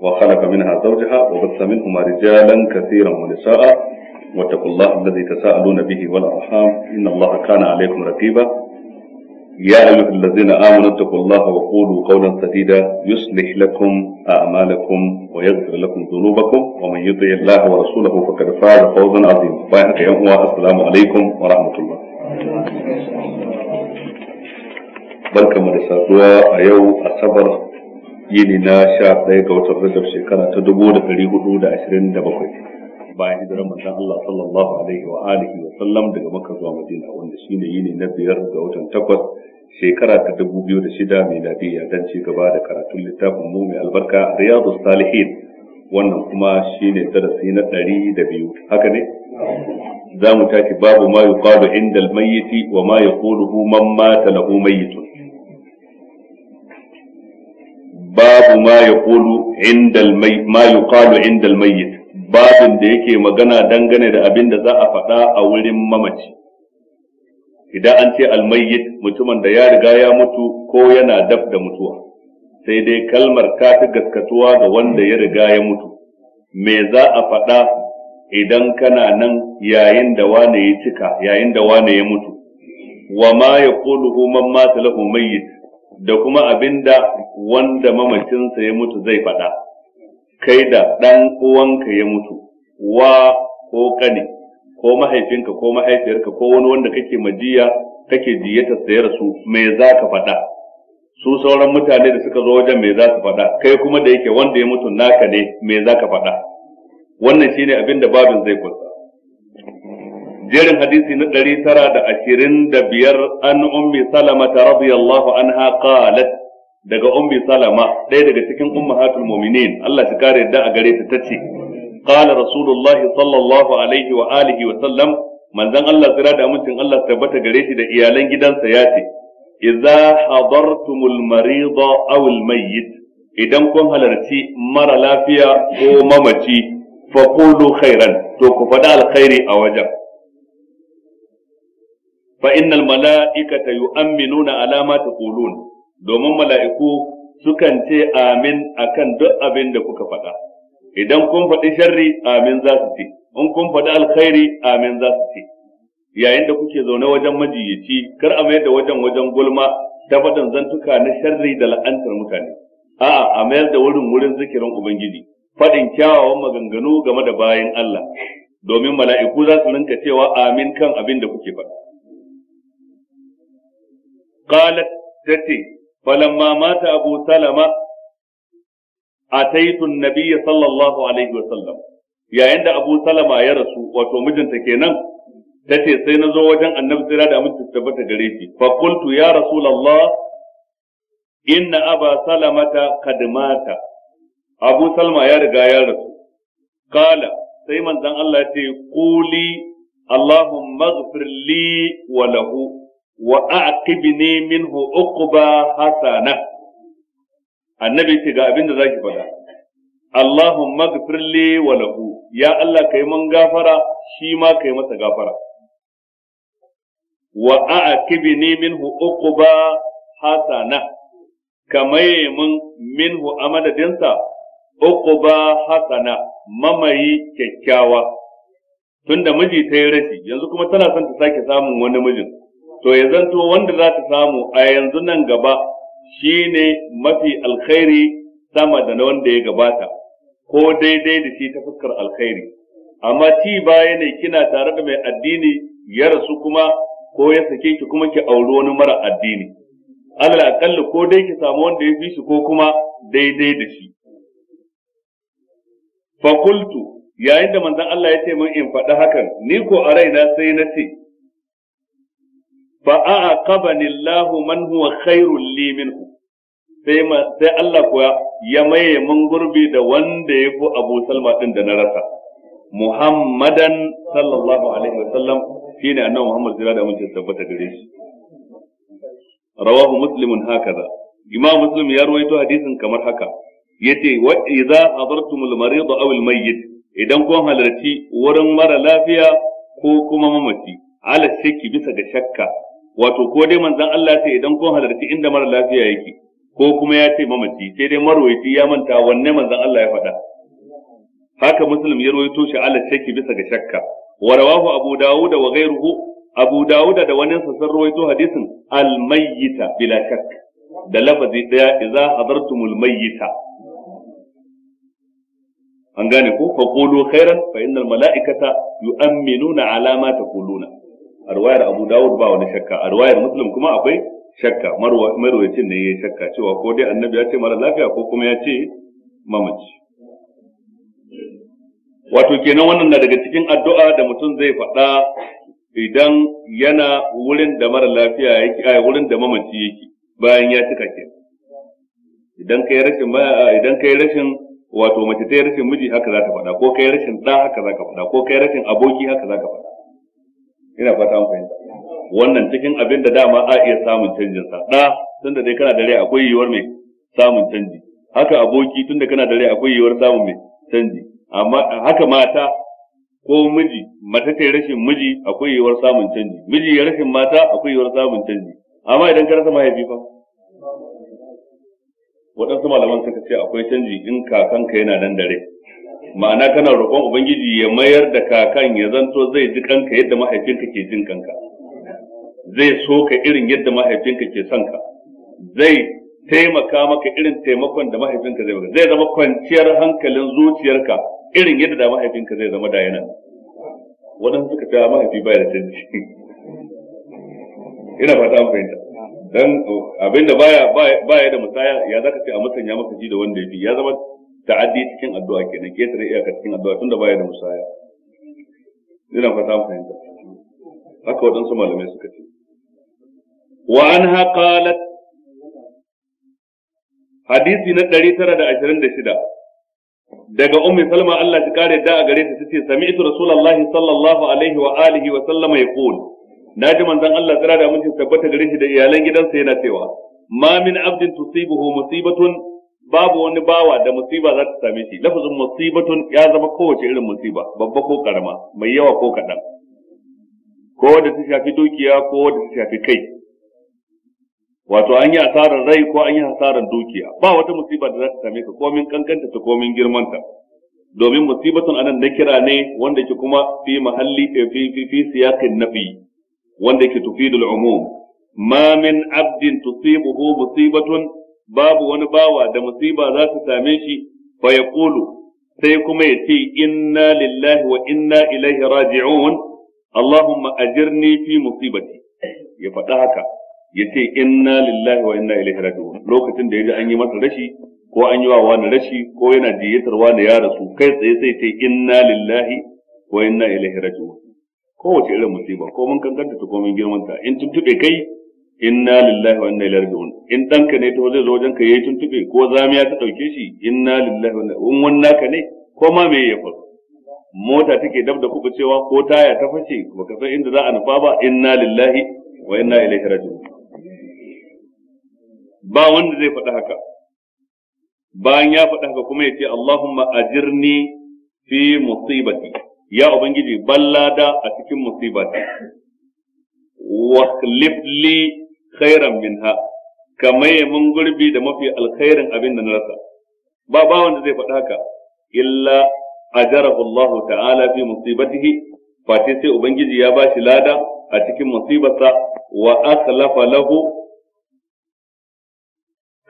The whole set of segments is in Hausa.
وخلق منها زوجها وبث منهما رجالا كثيرا ونساء واتقوا الله الذي تساءلون به والارحام ان الله كان عليكم رقيبا يا ايها الذين امنوا اتقوا الله وقولوا قولا سديدا يصلح لكم اعمالكم ويغفر لكم ذنوبكم ومن يطع الله ورسوله فقد فاز فوزا عظيما يا السلام عليكم ورحمه الله بركه da saduwa a yini na sha ɗaya ga watan Rajab shekara ta dubu da ɗari hudu da ashirin da bakwai bayan hijirar manzon Allah sallallahu alaihi wa alihi wa sallam daga Makka zuwa Madina wanda shine yini na biyar ga watan takwas shekara ta dubu biyu da shida miladiyya don ci gaba da karatun littafin mu mai albarka Riyadu Salihin wannan kuma shine darasi na ɗari da biyu haka ne za mu tashi babu ma yuqalu inda al-mayyiti wa ma yaquluhu man mata lahu mayyitun babu ma kulu, indal ma yuqalu indal mayyit babin da yake magana dangane da abin da za a faɗa a wurin mamaci idan an ce almayyit mutumin da ya riga ya mutu ko yana daf da mutuwa sai dai kalmar ta gaskatuwa ga wanda ya riga ya mutu me za a faɗa idan kana nan yayin da wane ya cika yayin da wane ya mutu wa ma yaquluhu man mata lahu mayyit da kuma abinda wanda mamacinsa ya mutu zai faɗa kai da ɗan uwanka ya mutu wa ko kane ko mahaifinka ko mahaifiyarka ko wani wanda kake majiya kake jiyatar sayar ya rasu me za ka faɗa su sauran mutane da suka zo wajen me za su faɗa kai kuma da yake wanda ya mutu naka ne me za ka faɗa wannan shine abin da babin zai kusa. jerin hadisi na ɗari tara da ashirin da biyar an ummi salama ta radiyallahu anha qalat daga ummi salama ɗaya daga cikin ummahatul mu'minin Allah shi kare yadda a gare ta tace qala rasulullahi sallallahu alaihi wa alihi wa sallam manzon Allah tsira da amincin Allah tabbata gare shi da iyalan gidansa ya ce idza hadartumul marida aw al mayyit idan kun halarci mara lafiya ko mamaci fa qulu khairan to ku faɗa alkhairi a wajen fa innal mala'ikata yu'minuna ala ma taqulun domin mala'iku sukan ce amin akan duk abin da kuka faɗa idan kun faɗi sharri amin za su ce in kun faɗi alkhairi amin za su ce yayin da kuke zaune wajen majiyaci kar a mayar da wajen wajen gulma ta faɗin zantuka na sharri da la'antar mutane a'a a mayar da wurin wurin zikirin ubangiji faɗin kyawawan maganganu game da bayan Allah domin mala'iku za su rinka cewa amin kan abin da kuke faɗa qalat tati falamma mata abu a taitun nabiyya sallallahu alaihi wa sallam yayin da abu salama ya rasu wato mijinta kenan tace sai na zo wajen annabi tsira da aminci tabbata gare shi fa qultu ya rasulullah inna aba salamata kadmata. mata abu salma ya riga ya rasu kala sai manzon Allah ya ce quli allahumma ighfir li wa wa aqibni minhu uqba hasana annabi ce ga abin da zaki faɗa Allahumma ghfir wa lahu ya Allah kai mun gafara shi ma kai masa gafara wa aqibni minhu uqba hasana kamaye mun minhu amadadinsa uqba hasana mamaye kyakkyawa tunda miji ta yi rashi yanzu kuma tana son ta sake samun wani mijin to ya zanto wanda za ta samu a yanzu nan gaba shine mafi alkhairi sama da na wanda ya gabata ko daidai da shi ta fuskar alkhairi amma ci baya ne kina tare da mai addini ya rasu kuma ko ya sake ki kuma ki auri wani mara addini ya aƙalla ko dai ki samu wanda ya fi shi ko kuma daidai da shi fakultu yayin da manzon Allah ya ce min in faɗi hakan ni ko a raina sai na ce fa aqabani Allah man huwa khairul li sai ma sai Allah kuwa ya maye mun gurbi da wanda ya fi Abu Salma din da na rasa Muhammadan sallallahu alaihi wasallam shine annabi Muhammad jira da mun tabbata gare shi rawahu muslimun hakaza imam muslim ya rawaito hadisin kamar haka yace wa idza hadartumul marid aw al mayyit idan kun halarci wurin mara lafiya ko kuma mamaci ala shakki bisa ga shakka wato ko dai manzon Allah ce idan kun halarci inda mara lafiya yake ko kuma ya ce mamaci sai dai marwayi ya manta wanne manzon Allah ya faɗa haka muslim ya rawaito shi ala shakki bisa ga shakka wa rawahu abu dawud wa ghayruhu abu dawud da wani sun rawaito hadisin al mayyita bila shakk da lafazi daya idza hadartumul mayyita an gane ko fa qulu khairan fa innal malaikata yu'minuna ala ma taquluna a ruwayar Abu Dawud ba wani shakka a ruwayar Muslim kuma akwai shakka marwayacin ne ya shakka cewa ko dai annabi ya ce mara lafiya ko kuma ya ce mamaci wato kenan wannan na daga cikin addu'a da mutum zai faɗa idan yana wurin da mara lafiya yake a wurin da mamaci yake bayan ya cika ke idan kai rashin idan kai rashin wato mace ta rashin miji haka za ta faɗa ko kai rashin ɗa haka za ka faɗa ko kai rashin aboki haka za ka faɗa ina fata mu fahimta wannan cikin abin da dama a iya samun canjin sa da tunda dai kana dare, akwai yiwuwar mai samun canji haka aboki tunda kana dare, akwai yiwuwar samun mai canji amma haka mata ko miji mata ta rashin miji akwai yiwuwar samun canji miji ya rashin mata akwai yiwuwar samun canji amma idan ka rasa mahaifi fa waɗansu malaman suka ce akwai canji in kakanka yana nan dare. ma'ana kana roƙon ubangiji ya mayar da kakan ya zanto zai ji kanka yadda mahaifinka ke jin kanka zai so ka irin yadda mahaifinka ke son ka zai taimaka maka irin taimakon da mahaifinka zai maka zai zama kwanciyar hankalin zuciyarka irin yadda da mahaifinka zai zama da yana waɗansu suka ta mahaifi baya da canji ina fata an fahimta dan abinda baya baya da musaya ya zaka ce a musanya maka ji da wanda ya fi ya zama ta'addi cikin addu'a kenan ketare iyaka cikin addu'a tunda baya da musaya ina fata mu fahimta haka waɗansu malamai suka ce wa anha qalat hadisi na 926 daga ummi salma Allah ta kare da a gare ta tace sami'tu rasulullahi sallallahu alaihi wa alihi wa sallama yaqul naji manzon Allah tsira da mutum tabbata gare shi da iyalan gidansa yana cewa ma min abdin tusibuhu musibatun babu wani bawa da musiba za ta same shi lafazin musibatun ya zama kowace irin musiba babba ko karama mai yawa ko kaɗan ko da ta shafi dukiya ko da ta shafi kai wato an yi asarar rai ko an yi asarar dukiya ba wata musiba da za ta same ka komin kankanta ta komin girmanta domin musibatun anan na kira ne wanda ke kuma fi mahalli eh, fi fi fi siyakin nafi wanda ke tufidul umum ma min abdin tusibuhu musibatun babu wani bawa da musiba za su same shi fa yaqulu sai kuma ya ce inna lillahi wa inna ilaihi raji'un Allahumma ajirni fi musibati ya faɗa haka ya ce inna lillahi wa inna ilaihi raji'un lokacin da ya ji an yi masa rashi ko an yi wa wani rashi ko yana jiyatar wani ya rasu kai tsaye sai ce inna lillahi wa inna ilaihi raji'un kowace irin musiba ko mun kankanta ta ko mun girmanta in tuntube kai inna lillahi wa inna ilaihi raji'un in danka ne to zai zo wajenka yayi tuntube ko zamiya ta dauke shi inna lillahi wa inna in wanna ka ne ko ma me ya faru mota take dab da kuka cewa ko taya ta fashe baka san inda za a nufa ba inna lillahi wa inna ilaihi raji'un ba wanda zai faɗi haka bayan ya faɗi haka kuma ya ce Allahumma ajirni fi musibati ya ubangiji ballada a cikin musibati wa li khairan minha kamar ya mun gurbi da mafi alkhairin abin da na rasa ba ba wanda zai faɗa haka illa ajarahu Allah ta'ala fi musibatihi fati sai ubangiji ya bashi lada a cikin musibarsa wa akhlafa lahu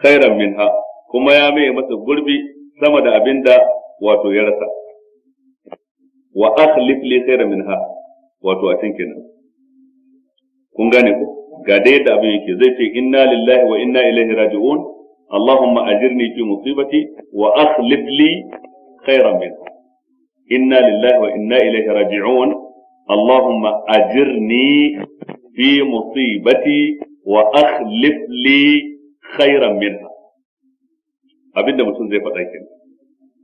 khairan minha kuma ya maye masa gurbi sama da abin da wato ya rasa wa akhlif li khairan minha wato a cikin kun gane ku ga da yadda abin yake zai ce inna lillahi wa inna ilaihi raji'un allahumma ajirni fi musibati wa akhlif li khairan min inna lillahi wa inna ilaihi raji'un allahumma ajirni fi musibati wa akhlif li khairan minha abinda mutum zai faɗa kenan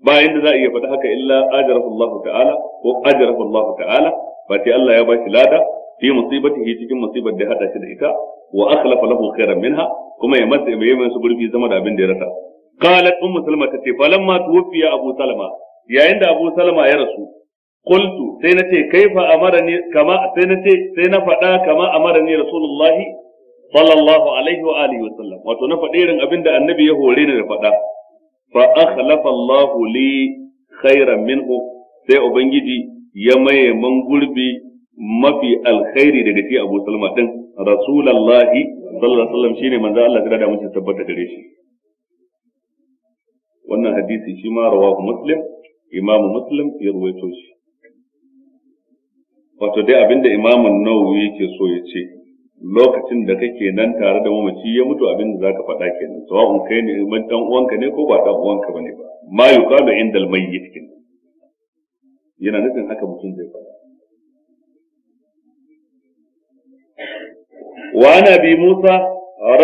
ba yanda za a iya faɗa haka illa ajarahu Allah ta'ala ko ajarahu Allah ta'ala ba sai Allah ya ba shi lada fi musibatihi cikin musibar da ya hada shi da ita wa akhlafa lahu khairan minha kuma ya masa mai yamin su gurbi sama da abin da ya rasa qalat ummu salma tace falamma tuwfiya abu yayin da abu ya rasu qultu sai nace kaifa wato na irin abin da annabi ya ni da faɗa minhu sai ubangiji ya gurbi mafi alkhairi daga shi Abu Salma din Rasulullahi sallallahu alaihi wasallam shine manzo Allah da mun tabbata gare shi wannan hadisi shi ma rawahu Muslim Imam Muslim ya ruwaito shi wato dai abinda Imam Nawawi yake so ya ce lokacin da kake nan tare da mamaci ya mutu abinda zaka faɗa kenan sawa'un kai ne dan uwanka ne ko ba dan uwanka bane ba ma yuqalu indal mayyit yana nufin haka mutum zai faɗa وعن أبي موسى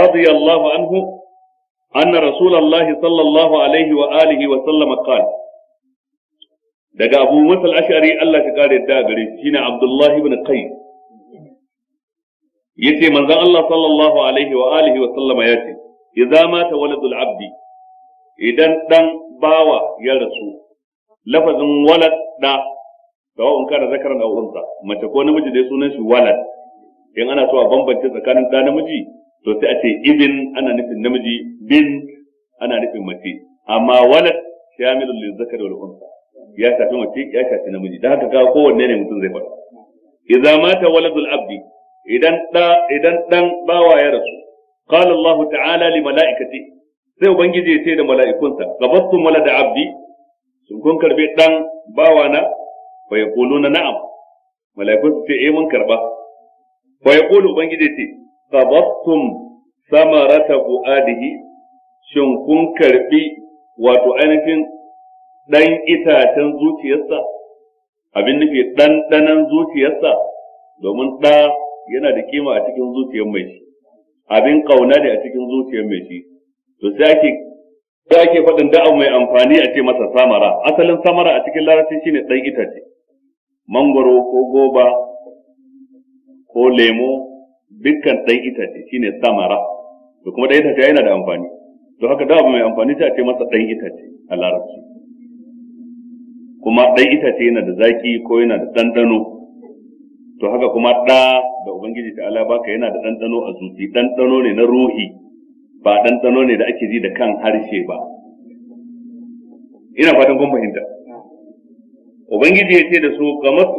رضي الله عنه أن رسول الله صلى الله عليه وآله وسلم قال daga abu masal ashari Allah ta kare da gare shi ne Abdullah ibn Qais yace manzon Allah sallallahu alaihi wa alihi wa sallama yace idza mata waladul abdi idan ɗan bawa ya rasu lafazin walad da sawa'un kana zakaran aw mace ko namiji sunan shi walad in ana so a bambance tsakanin ɗa namiji to sai a ce ibin ana nufin namiji bin ana nufin mace amma walad Shamilu, lil zakari wal unsa ya shafi mace ya shafi namiji da haka ga kowanne ne mutum zai faɗa idza mata waladul abdi idan ɗa idan ɗan bawa ya rasu qala Allah ta'ala li malaikati sai ubangiji ya ce da mala'ikunsa gabattum walada abdi sun kun karbe ɗan bawana fa yaquluna na'am mala'ikun ce eh mun karba fa yaqulu ubangiji ce qabattum samarata bu'adihi shin kun karɓi wato ainihin dan itacen zuciyarsa abin nufi ɗanɗanan zuciyarsa domin ɗa yana da kima a cikin zuciyar mai shi abin ƙauna ne a cikin zuciyar mai shi to sai ake sai ake faɗin da'a mai amfani a ce masa samara asalin samara a cikin larabci shine ɗan itace mangoro ko goba ko lemo dukkan ɗan itace shine samara to kuma ɗan itace yana da amfani to haka da abu mai amfani sai a ce masa ɗan itace a larabci kuma ɗan itace yana da zaki ko yana da ɗanɗano to haka kuma ɗa da ubangiji ta ala baka yana da ɗanɗano a zuci ɗanɗano ne na ruhi ba ɗanɗano ne da ake ji da kan harshe ba ina fatan kun fahimta ubangiji ya ce da su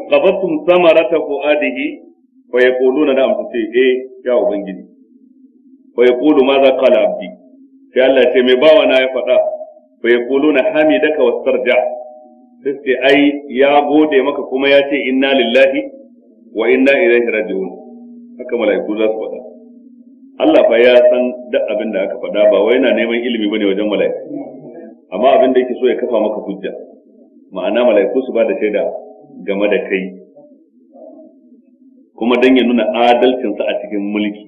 qabattum samarata fuadihi fa Kulu na su ce eh ya ubangiji fa Kulu ma za kala abdi sai Allah ce mai bawa na ya faɗa fa yaquluna hamidaka wastarja sai ce ai ya gode maka kuma ya ce inna lillahi wa inna ilaihi raji'un haka mala'iku za su faɗa Allah fa ya san duk abin da aka faɗa ba wai yana neman ilimi bane wajen mala'iku amma abin da yake so ya kafa maka hujja ma'ana mala'iku su ba da shaida game da kai kuma don ya nuna adalcinsa a cikin mulki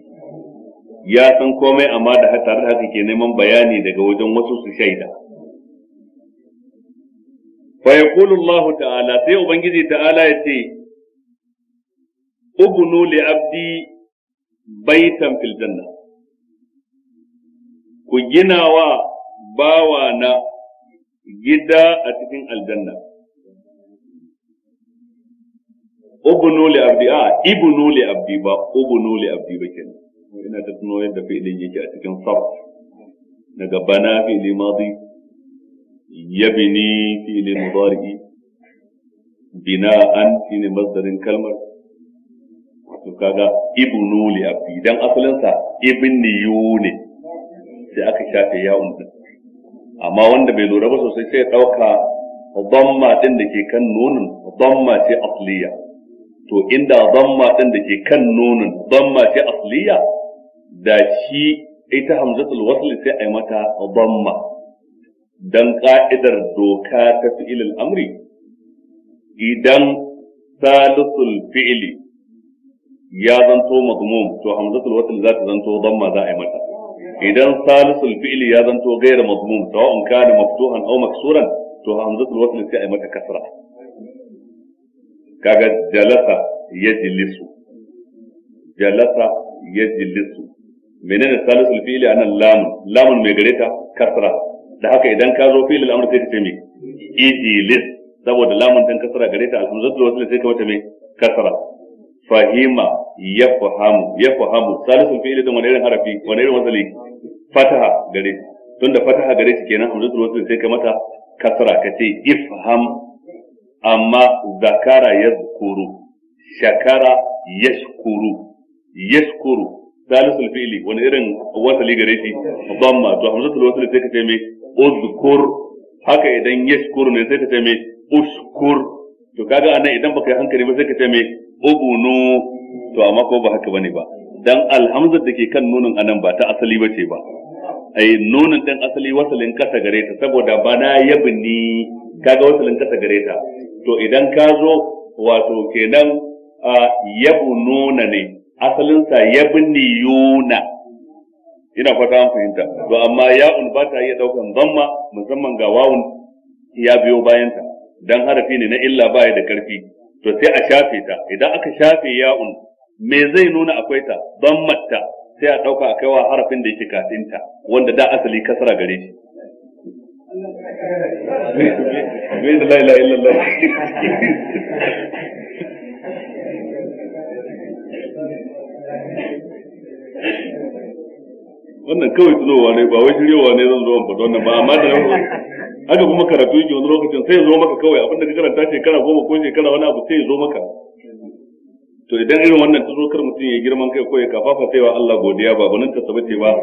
ya san komai amma da tare da haka ke neman bayani daga wajen wasu su shaida fa yaqulu Allah ta'ala sai ubangiji ta'ala ya ce ubnu li abdi baitan fil janna ku gina wa bawana gida a cikin aljanna ubnu li abdi a ibnu li abdi ba ubnu li abdi ba ke ina ta tuno yadda fi'ilin yake a cikin sarf daga bana fi'ili madi yabni fi'ili mudari bina'an shine masdarin kalmar to kaga ibnu li abdi dan asalin sa ibni ne sai aka shafe yawun din amma wanda bai lura ba sosai sai ya dauka dhamma din da ke kan nunun dhamma ce asliya to inda damma din da ke kan nunun damma ce asliya da shi ita hamzatul wasl sai ai mata damma dan ka'idar doka ta fi'ilil amri idan salisul fi'li ya zanto madmum to hamzatul wasl za ta zanto damma za ai mata idan salisul fi'li ya zanto madmum to sawa'un kana maftuhan aw maksuran to hamzatul wasl sai ai mata kasra kaga jalasa ya jilisu jalasa ya jilisu menene salisul fi'li anan lamun lamun mai gare ta kasra da haka idan ka zo fi'li al-amr sai ka ce me ijlis saboda lamun tan kasra gare ta alhamzatul wasl sai ka wata me kasra fahima yafhamu yafhamu salisul fi'li da wani irin harafi wani irin wasali fataha gare tunda fataha gare shi kenan hamzatul wasl sai ka mata kasra ka ce ifham amma zakara ya zukuru shakara ya shukuru ya shukuru salisul fi'li wani irin wasali gare shi ma to hamzatul wasali sai ka ce mai uzkur haka idan ya shukuru ne sai ka ce mai uskur to kaga anan idan baka yi hankali ba sai ka ce mai ubunu to amma ko ba haka bane ba dan alhamzar da ke kan nunin anan ba ta asali ba ce ba ai nunin dan asali wasalin kasa gare ta saboda bana yabini kaga wasalin kasa gare ta to idan ka zo wato kenan yabu nuna ne asalinsa ni yuna, ina fata an fahimta to amma ya'un ba ta iya ɗaukan zamma musamman ga wawun ya biyo bayanta dan harafi ne na illa ba da karfi to sai a shafe ta idan aka shafe ya'un me zai nuna akwai ta zammatta sai a ɗauka a kaiwa harafin da yake kafinta wanda da asali kasara gare shi wannan kawai tunowa ne ba wai shiryowa ne zan zo ba wannan ba amma da haka kuma karatu yake wani lokacin sai ya zo maka kawai abinda ka karanta shekara goma ko shekara wani abu sai ya zo maka to idan irin wannan ta zo kar mutum ya girman kai ko ya kafafa sai wa Allah godiya ba banin ta sabace ba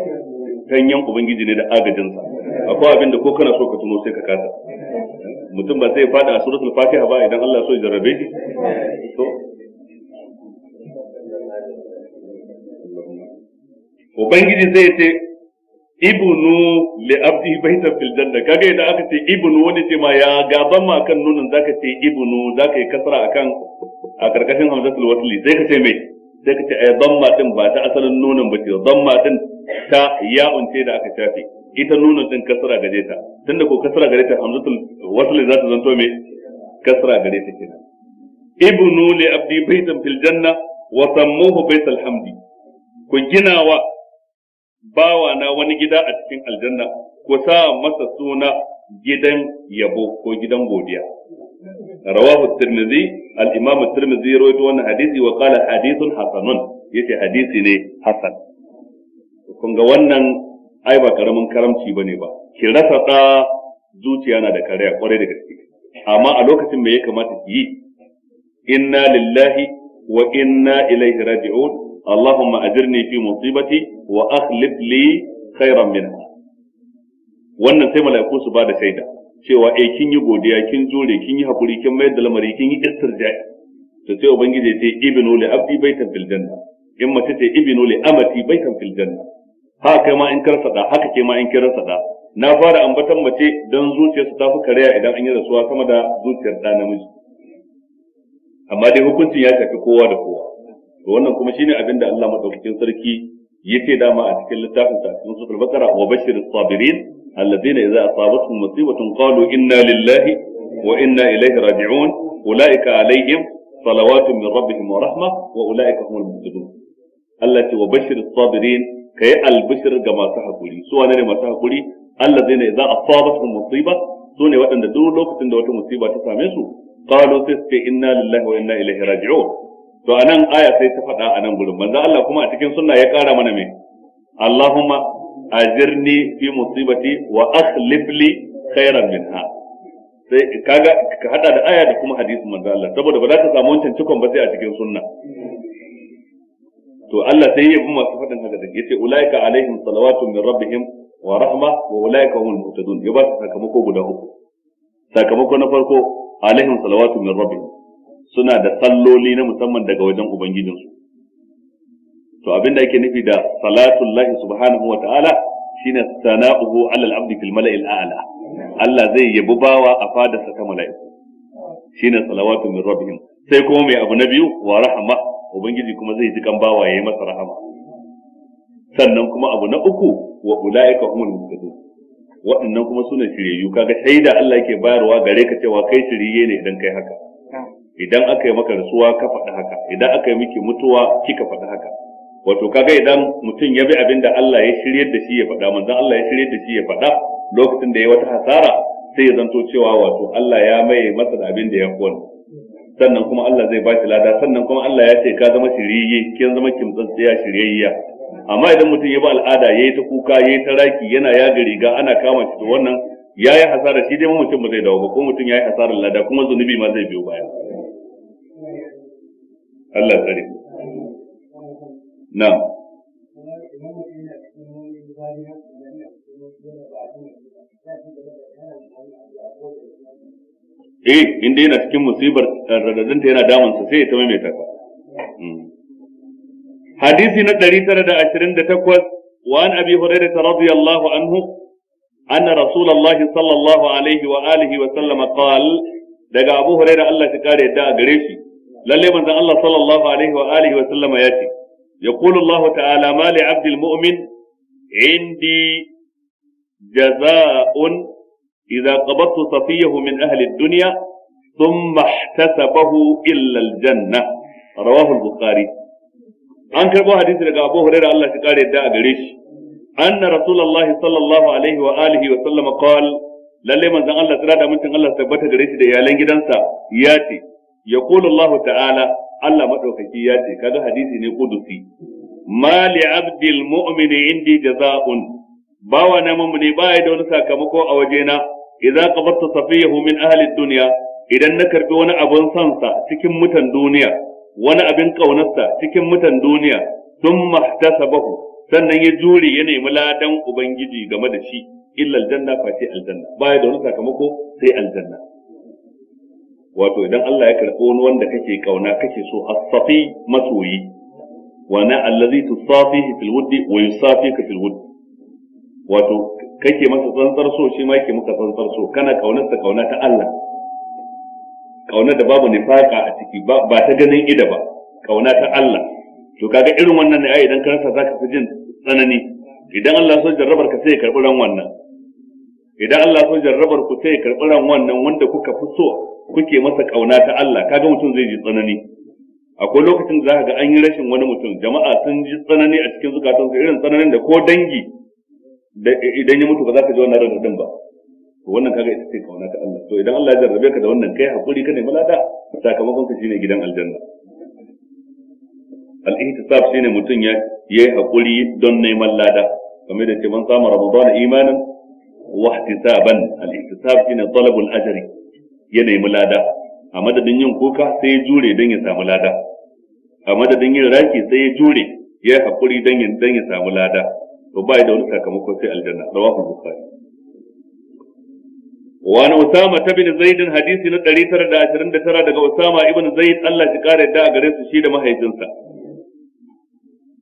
yan ubangiji ne da agajinsa akwai abin da ko kana so ka tuno sai ka kasa mutum ba zai fada a suratul fatiha ba idan Allah so ya jarrabe shi to ubangiji zai ce ibnu li abdi baita fil janna kaga idan aka ce ibnu wani ce ma ya gaban ma kan nunin zaka ce ibnu zaka yi kasara akan a karkashin hamzatul wasli sai ka ce mai sai ka ce ay damma din ba ta asalin nunin ba ce damma din ta ya ce da aka shafe ita nuna din kasra gare ta tunda ko kasra gare ta hamzatul wasl za ta zanto me kasra gare ta kenan ibnu li abdi baitan fil janna wa sammuhu baitul hamdi ku gina wa bawa na wani gida a cikin aljanna ku sa masa suna gidan yabo ko gidan godiya rawahu tirmidhi al-imam tirmidhi rawaito wannan hadisi wa qala hadithun hasanun yace hadisi ne hasan kun ga wannan ai ba karamin karamci ne ba ki rasa ɗa zuciya na da karaya kwarai da gaske amma a lokacin me ya kamata ki yi inna lillahi wa inna ilaihi raji'un allahumma ajirni fi musibati wa akhlif li khairan minha wannan sai mala'iku su ba da shaida cewa eh kin yi godiya kin jure kin yi hakuri kin mayar da lamari kin yi istirja'i to sai ubangiji ya ce ibnu li abdi baitan fil janna in mace ce ibnu li amati baitan fil janna haka kai ma in karsa da haka ke ma in kiransa da na fara ambatan mace don zuciyarsa ta fi karaya idan an yi rasuwa sama da zuciyar da namiji amma dai hukuncin ya shafi kowa da kowa to wannan kuma shine abin da Allah madaukakin sarki ce dama a cikin littafin sa cikin sura bakara wa bashirin sabirin alladheena idza asabatuhum musibatun qalu inna lillahi wa inna ilaihi raji'un ulaika alaihim salawatun min rabbihim wa rahma wa ulaika humul muhtadun Allah ce wa bashirin sabirin Ka yi albishir ga masu hakuri su wane ne masu hakuri Allah zai ne za a su musiba su ne waɗanda duk lokacin da wata musiba ta same su qalu sai su ce inna lillahi wa inna ilaihi raji'un to anan aya sai ta faɗa anan gurin manzo Allah kuma a cikin sunna ya ƙara mana me Allahumma ajirni fi musibati wa akhlif li khairan minha sai kaga ka hada da aya da kuma hadisin manzo Allah saboda ba za ta samu wancan cikon ba sai a cikin sunna to Allah sai ya bi masu faɗin haka din yace ulaika alaihim Salawatu min rabbihim wa rahma wa ulaika humul muhtadun ya ba su sakamako guda uku sakamako na farko alaihim Salawatu min rabbihim suna da salloli na musamman daga wajen ubangijinsu to abinda da ake nufi da salatul lahi subhanahu wa ta'ala shine sana'uhu ala al-abdi fil mala'il a'la Allah zai yabi bawa a fadarsa ta mala'iku shine salawatu min rabbihim sai kuma mai abu na biyu wa rahma ubangiji kuma zai ji kan bawa yi masa rahama sannan kuma abu na uku wa ulaika humul muhtadun waɗannan kuma suna shiryayyu kaga shaida Allah yake bayarwa gare ka cewa kai shirye ne idan kai haka idan aka yi maka rasuwa ka faɗi haka idan aka yi miki mutuwa kika faɗi haka wato kaga idan mutum ya bi abin da Allah ya shiryar da shi ya faɗa manzon Allah ya shiryar da shi ya faɗa lokacin da ya wata hasara sai ya zanto cewa wato Allah ya maye masa da abin da ya fi sannan kuma Allah zai ba shi lada sannan kuma Allah ya ce ka zama shiriyye kin zama kimtsatsiya shiryayya amma idan mutum ya ba al'ada yayi ta kuka yayi ta raki yana yaga riga ana kama shi to wannan yayi hasara shi dai mutum ba zai dawo ba ko mutum yayi hasarar lada kuma zunubi ma zai biyo baya Allah tsare na'am eh inda yana cikin musibar eh, radadin ta yana damun sa sai ya ta maimaita ta hmm. hadisi na 928 wa an abi hurairah radiyallahu anhu anna rasulullahi sallallahu alaihi wa alihi wa sallama qala daga abu hurairah Allah ya kare yadda a gare shi lalle manzon Allah sallallahu alaihi wa alihi wa sallama ya ce يقول الله تعالى ما لعبد المؤمن عندي جزاء idza qabattu safiyahu min ahli duniya sun thumma ihtasabahu illa janna rawahu al-bukhari an karbo hadisi daga Abu Hurairah Allah ya kare yadda a gare shi anna rasulullahi sallallahu alaihi wa alihi wa sallam qala lalle manzon Allah tsira da mutun Allah tabbata iyalan gidansa ya ce yaqulu ta'ala Allah madaukaki ya ce kaga hadisi ne kudusi Mali li abdil mu'mini indi jaza'un bawa na mamuni baya da wani sakamako a wajena Idan idza qabatta safiyahu min ahalin duniya, idan na karɓi wani abin sansa cikin mutan duniya wani abin kaunarsa cikin mutan duniya sun mahtasabahu sannan ya jure ya nemi ladan ubangiji game da shi illa aljanna fa aljanna baya da wani sakamako sai aljanna wato idan Allah ya karɓi wani wanda kake kauna kake so as-safi masoyi wa na allazi tusafihi fil wuddi wa yusafika fil wudd wato kake masa tsantsar so shi ma yake maka tsantsar so kana kaunar ta kauna ta Allah kauna da babu nifaka a ciki ba ta ganin ida ba kauna ta Allah to kaga irin wannan ne ai idan ka rasa zaka fi jin tsanani idan Allah so jarrabar ka sai ya karbi ran wannan idan Allah so jarrabar ku sai ya karbi ran wannan wanda kuka fi so kuke masa kauna ta Allah kaga mutum zai ji tsanani akwai lokacin da zaka ga an yi rashin wani mutum jama'a sun ji tsanani a cikin zukatansu irin tsananin da ko dangi idan ya mutu ba za ka ji wannan radadin ba to wannan kaga ita ce kauna ta Allah to idan Allah ya jarrabe ka da wannan kai hakuri ka nemi lada sakamakon ka shine gidan aljanna al-ihtisab shine mutum ya yi hakuri don neman lada kamar da ce man samu ramadana imanan wa ihtisaban al-ihtisab shine talabul ajri ya nemi lada a madadin yin kuka sai ya jure don ya samu lada a madadin yin raki sai ya jure ya hakuri don ya samu lada to ba da wani sakamakon sai aljanna rawahu bukhari wa an usama bin zaid hadisi na 929 daga usama ibn zaid Allah ya kare da gare su shi da mahaifinsa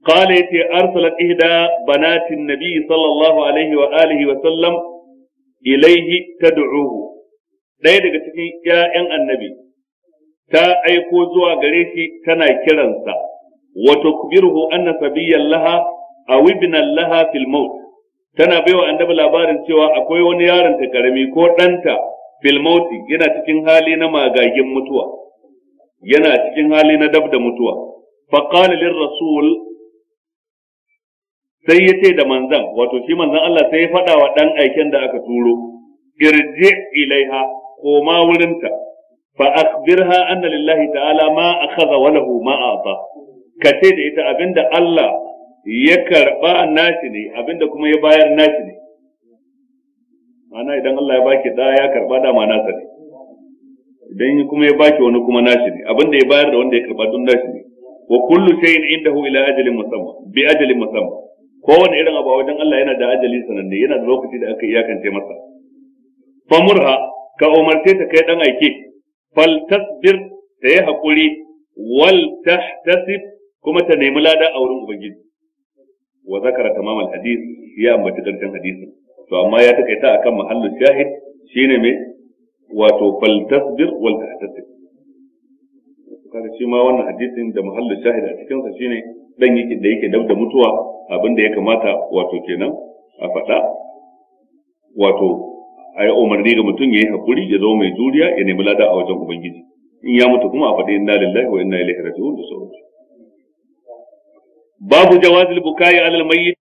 قال يتي أرسلت إحدى بنات النبي صلى الله عليه وآله وسلم إليه تدعوه ɗaya daga cikin ‘ya'yan annabi ta aiko zuwa gare shi tana kiransa wato kubirhu anna laha Wibinan laha fil maut tana baiwa annabi labarin cewa akwai wani yaron ta karami ko ɗanta fil yana cikin hali na magagin mutuwa yana cikin hali na dab da mutuwa faqala lir rasul sai ya ce da manzan wato shi manzan Allah sai ya faɗa wa ɗan aiken da aka turo irji ilaiha koma wurinta fa akhbirha anna lillahi ta'ala ma akhadha wa lahu ma ata ka ce da ita abinda Allah ya karba nashi ne abinda kuma ya bayar nashi ne idan Allah ya baki da ya karba da nasa ne idan kuma ya baki wani kuma nashi ne abinda ya bayar da wanda ya karba don nashi ne wa kullu shay'in indahu ila ajalin musamma bi ajalin musamma kowane irin abu wajen Allah yana da ajali sananne yana da lokaci da aka iyakance masa famurha ka umarce ta kai dan aike fal tasbir ta yi hakuri wal tahtasib kuma ta nemi lada a wurin ubangiji wa zakara tamam al-hadith ya ambaci karshen hadisin to amma ya takaita akan mahallin shahid shine me wato fal tasbir wal tahtasib kaga shi ma wannan hadisin da mahallin shahid a cikin sa shine dan yake da yake dab da mutuwa abinda ya kamata wato kenan a faɗa wato ai umarni ga mutum ya yi hakuri ya zama mai juriya ya nemi lada a wajen ubangiji in ya mutu kuma a faɗi inna lillahi wa inna ilaihi raji'un da sauransu babu jawazil bukai alal mayyit